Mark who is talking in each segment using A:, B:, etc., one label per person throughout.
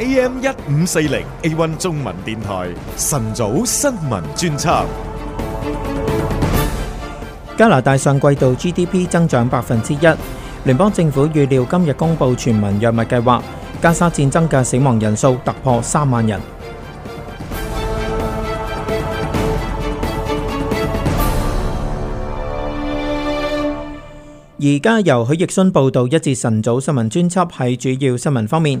A: AM 一五四零 A One 中文電台晨早新聞專輯。加拿大上季度 GDP 增長百分之一。聯邦政府預料今日公布全民藥物計劃。加沙戰爭嘅死亡人數突破三萬人。而家由許奕迅報道一節晨早新聞專輯，喺主要新聞方面。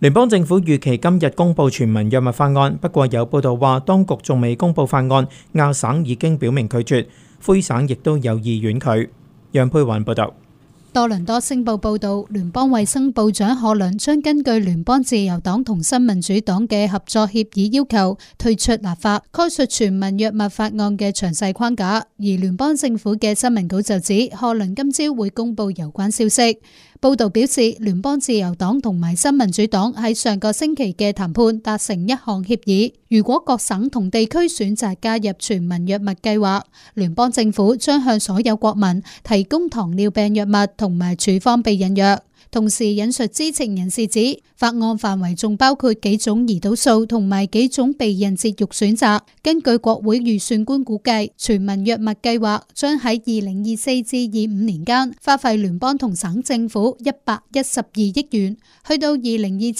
A: 聯邦政府預期今日公布全民藥物法案，不過有報道話當局仲未公布法案，亞省已經表明拒絕，魁省亦都有意婉拒。楊佩環報道。
B: 多倫多星報報道，聯邦衛生部長賀倫將根據聯邦自由黨同新民主黨嘅合作協議要求推出立法，概述全民藥物法案嘅詳細框架，而聯邦政府嘅新聞稿就指賀倫今朝會公布有關消息。報道表示，聯邦自由黨同埋新民主黨喺上個星期嘅談判達成一項協議，如果各省同地區選擇加入全民藥物計劃，聯邦政府將向所有國民提供糖尿病藥物同埋處方避孕藥。同時引述知情人士指，法案範圍仲包括幾種胰島素同埋幾種避孕節育選擇。根據國會預算官估計，全民藥物計劃將喺二零二四至二五年間花費聯邦同省政府一百一十二億元，去到二零二七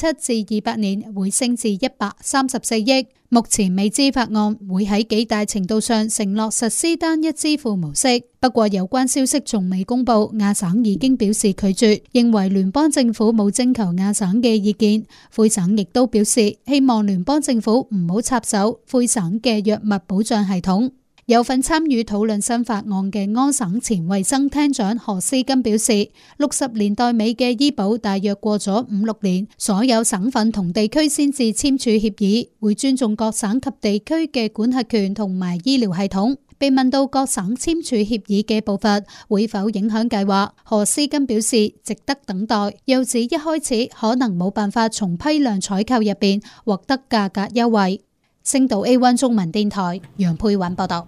B: 至二八年會升至一百三十四億。目前未知法案會喺幾大程度上承諾實施單一支付模式。不過有關消息仲未公布，亞省已經表示拒絕，認為聯邦政府冇徵求亞省嘅意見。魁省亦都表示希望聯邦政府唔好插手魁省嘅藥物保障系統。有份參與討論新法案嘅安省前衛生廳長何思根表示，六十年代尾嘅醫保大約過咗五六年，所有省份同地區先至簽署協議，會尊重各省及地區嘅管轄權同埋醫療系統。被問到各省簽署協議嘅步伐會否影響計劃，何思根表示值得等待，又指一開始可能冇辦法從批量採購入邊獲得價格優惠。星島 A1 中文電台楊佩韻報道：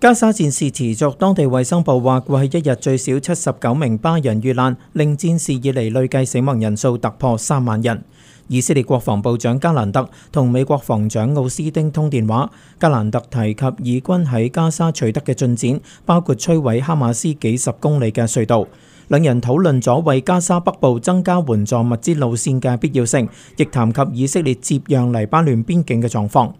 B: 加
A: 沙戰事持續，當地衛生部話過去一日最少七十九名巴人遇難，令戰事以嚟累計死亡人數突破三萬人。以色列國防部長加蘭特同美國防長奧斯丁通電話，加蘭特提及以軍喺加沙取得嘅進展，包括摧毀哈馬斯幾十公里嘅隧道。兩人討論咗為加沙北部增加援助物資路線嘅必要性，亦談及以色列接壤黎巴嫩邊境嘅狀況。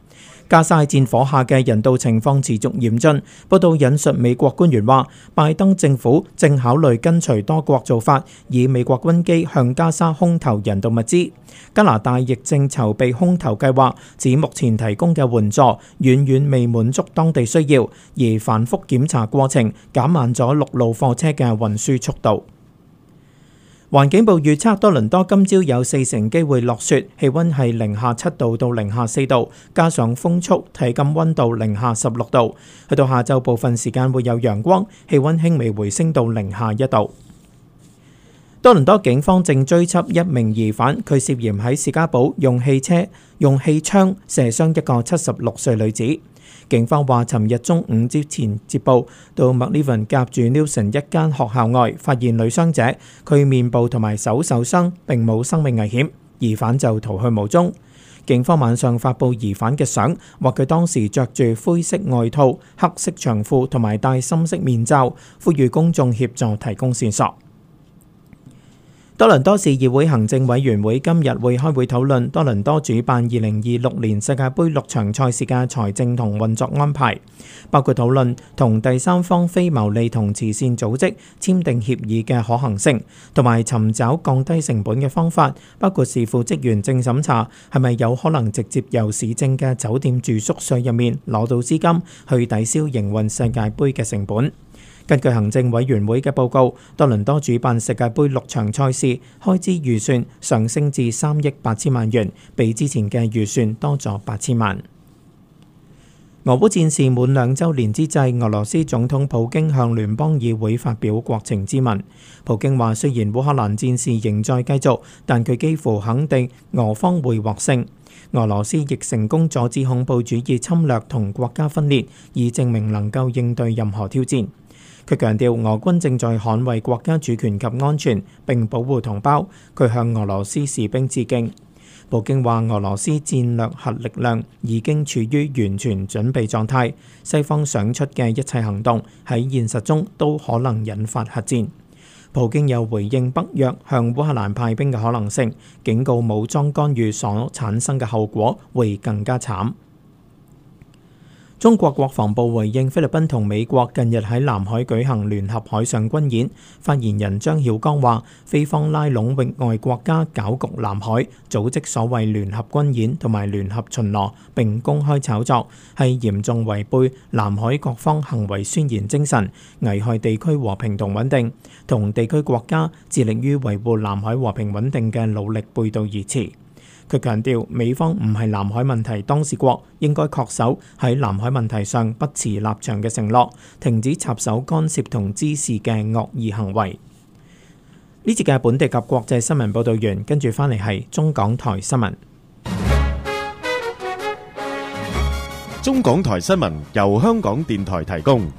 A: 加沙戰火下嘅人道情況持續嚴峻，報道引述美國官員話，拜登政府正考慮跟隨多國做法，以美國軍機向加沙空投人道物資。加拿大亦正籌備空投計劃，指目前提供嘅援助遠遠未滿足當地需要，而繁複檢查過程減慢咗陸路貨車嘅運輸速度。環境部預測多倫多今朝有四成機會落雪，氣溫係零下七度到零下四度，加上風速，體感溫度零下十六度。去到下晝部分時間會有陽光，氣溫輕微回升到零下一度。多倫多警方正追緝一名疑犯，佢涉嫌喺士嘉堡用汽車用氣槍射傷一個七十六歲女子。.警方話：尋日中午之前接報，到 m a l v e n 夾住 New 城一間學校外，發現女傷者，佢面部同埋手受傷，並冇生命危險。疑犯就逃去無蹤。警方晚上發佈疑犯嘅相，話佢當時着住灰色外套、黑色長褲同埋戴深色面罩，呼籲公眾協助提供線索。多倫多市議會行政委員會今日會開會討論多倫多主辦二零二六年世界盃六場賽事嘅財政同運作安排，包括討論同第三方非牟利同慈善組織簽訂協議嘅可行性，同埋尋找降低成本嘅方法。包括視乎職員正審查係咪有可能直接由市政嘅酒店住宿稅入面攞到資金去抵消營運世界盃嘅成本。根據行政委員會嘅報告，多倫多主辦世界盃六場賽事，開支預算上升至三億八千萬元，比之前嘅預算多咗八千萬。俄烏戰事滿兩週年之際，俄羅斯總統普京向聯邦議會發表國情咨文。普京話：雖然烏克蘭戰事仍在繼續，但佢幾乎肯定俄方會獲勝。俄羅斯亦成功阻止恐怖主義侵略同國家分裂，以證明能夠應對任何挑戰。佢強調俄軍正在捍衛國家主權及安全，並保護同胞。佢向俄羅斯士兵致敬。普京話：俄羅斯戰略核力量已經處於完全準備狀態。西方想出嘅一切行動喺現實中都可能引發核戰。普京又回應北約向烏克蘭派兵嘅可能性，警告武裝干預所產生嘅後果會更加慘。中國國防部回應菲律賓同美國近日喺南海舉行聯合海上軍演，發言人張曉剛話，菲方拉攏域外國家攪局南海，組織所謂聯合軍演同埋聯合巡邏，並公開炒作，係嚴重違背南海各方行為宣言精神，危害地區和平同穩定，同地區國家致力於維護南海和平穩定嘅努力背道而馳。佢強調，美方唔係南海問題當事國，應該恪守喺南海問題上不持立場嘅承諾，停止插手干涉同滋事嘅惡意行為。呢節嘅本地及國際新聞報導員，跟住翻嚟係中港台新聞。中港台新聞由香港電台提供。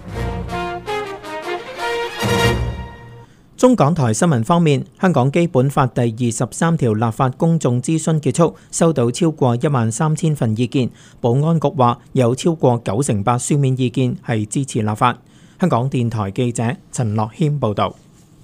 A: 中港台新聞方面，香港基本法第二十三條立法公眾諮詢結束，收到超過一萬三千份意見。保安局話有超過九成八書面意見係支持立法。香港電台記者陳樂謙報道。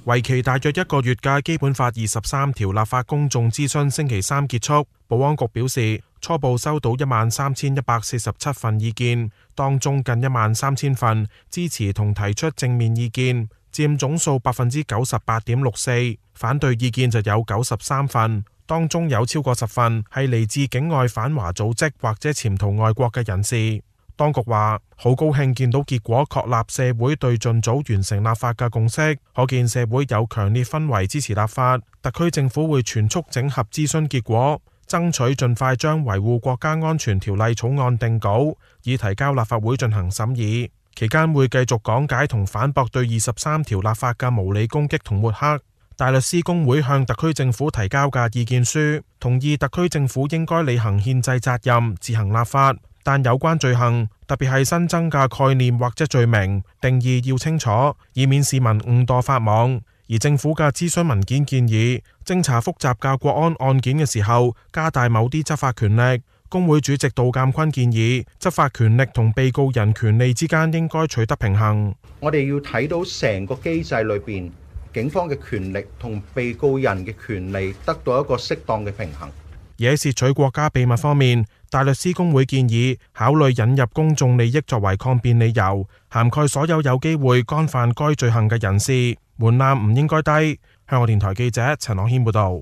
A: 為期大約一個月嘅
C: 基本法二十三條立法公眾諮詢星期三結束。保安局表示，初步收到一萬三千一百四十七份意見，當中近一萬三千份支持同提出正面意見。佔總數百分之九十八點六四，反對意見就有九十三份，當中有超過十份係嚟自境外反華組織或者潛逃外國嘅人士。當局話好高興見到結果確立社會對盡早完成立法嘅共識，可見社會有強烈氛圍支持立法。特區政府會全速整合諮詢結果，爭取盡快將維護國家安全條例草案定稿，以提交立法會進行審議。期間會繼續講解同反駁對二十三條立法嘅無理攻擊同抹黑。大律師公會向特區政府提交嘅意見書，同意特區政府應該履行憲制責任，自行立法，但有關罪行，特別係新增嘅概念或者罪名，定義要清楚，以免市民誤墮法網。而政府嘅諮詢文件建議，偵查複雜嘅國安案件嘅時候，加大某啲執法權力。公會主席杜鑑坤建議，執法權力同被告人權利之間應該取得平衡。
A: 我哋要睇到成個機制裏邊，警方嘅權力同被告人嘅權利得到一個適當嘅平衡。
C: 而喺竊取國家秘密方面，大律師公會建議考慮引入公眾利益作為抗辯理由，涵蓋所有有機會干犯該罪行嘅人士。門檻唔應該低。香港電台記
A: 者陳樂謙報道。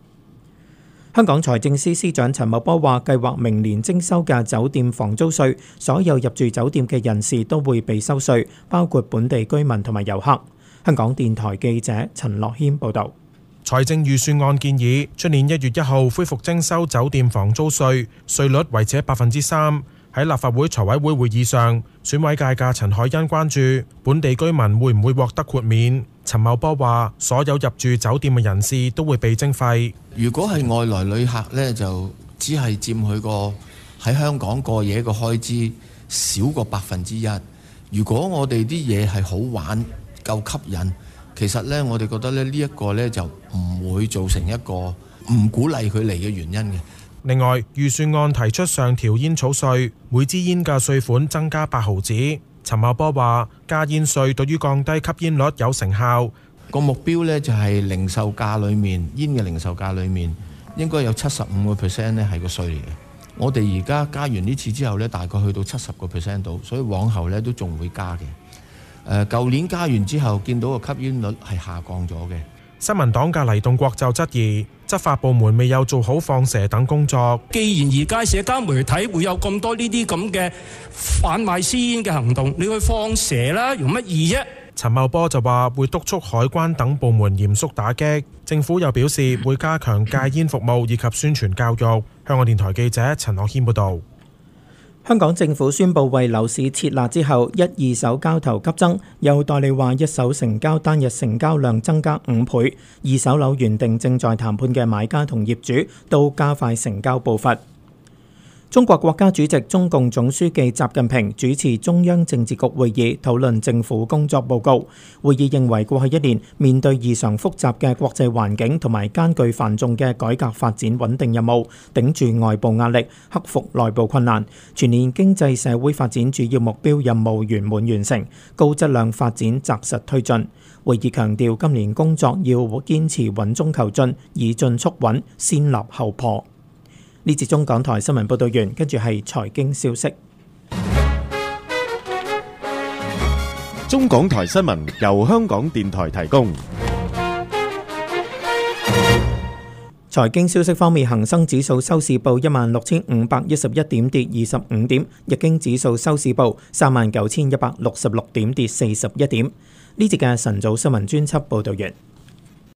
A: 香港財政司司長陳茂波話：計劃明年徵收嘅酒店房租稅，所有入住酒店嘅人士都會被收稅，包括本地居民同埋遊客。香港電台記者陳樂軒報導。
C: 財政預算案建議，出年一月一號恢復徵收酒店房租稅，稅率為百分之三。喺立法會財委會會議上，選委界嘅陳海欣關注本地居民會唔會獲得豁免？陳茂波話：所有入住酒店嘅人士都會被徵費。如果係外來旅客呢，就只係佔佢個喺香港過夜嘅開支少過百分之一。如果我哋啲嘢係好玩，夠吸引，其實呢，我哋覺得呢呢一個呢，就唔會造成一個唔鼓勵佢嚟嘅原因嘅。另外，預算案提出上調煙草稅，每支煙嘅稅款增加八毫子。陳茂波話：加煙稅對於降低吸煙率有成效。個目標呢，就係零售價裡面煙嘅零售價裡面應該有七十五個 percent 呢係個稅嚟嘅。我哋而家加完呢次之後呢，大概去到七十個 percent 度，所以往後呢都仲會加嘅。誒、呃，舊年加完之後，見到個吸煙率係下降咗嘅。新聞黨嘅黎棟國就質疑。執法部門未有做好放蛇等工作。
A: 既然而家社交媒體會有咁多呢啲咁嘅販賣私煙嘅行動，你去
C: 放蛇啦，容乜易啫？陳茂波就話會督促海關等部門嚴肅打擊。政府又表示會加強戒煙服務以及宣傳教育。香港電台記者陳樂謙報導。
A: 香港政府宣布為樓市設立之後，一二手交投急增，有代理話一手成交單日成交量增加五倍，二手樓原定正在談判嘅買家同業主都加快成交步伐。中國國家主席、中共總書記習近平主持中央政治局會議，討論政府工作報告。會議認為，過去一年面對異常複雜嘅國際環境同埋艱巨繁重嘅改革發展穩定任務，頂住外部壓力，克服內部困難，全年經濟社會發展主要目標任務圓滿完成，高質量發展紮實推進。會議強調，今年工作要堅持穩中求進，以進促穩，先立後破。呢節中港台新聞報道完，跟住係財經消息。中港台新聞由香港電台提供。財經消息方面，恒生指數收市報一萬六千五百一十一點，跌二十五點；日經指數收市報三萬九千一百六十六點，跌四十一點。呢節嘅晨早新聞專輯報道完。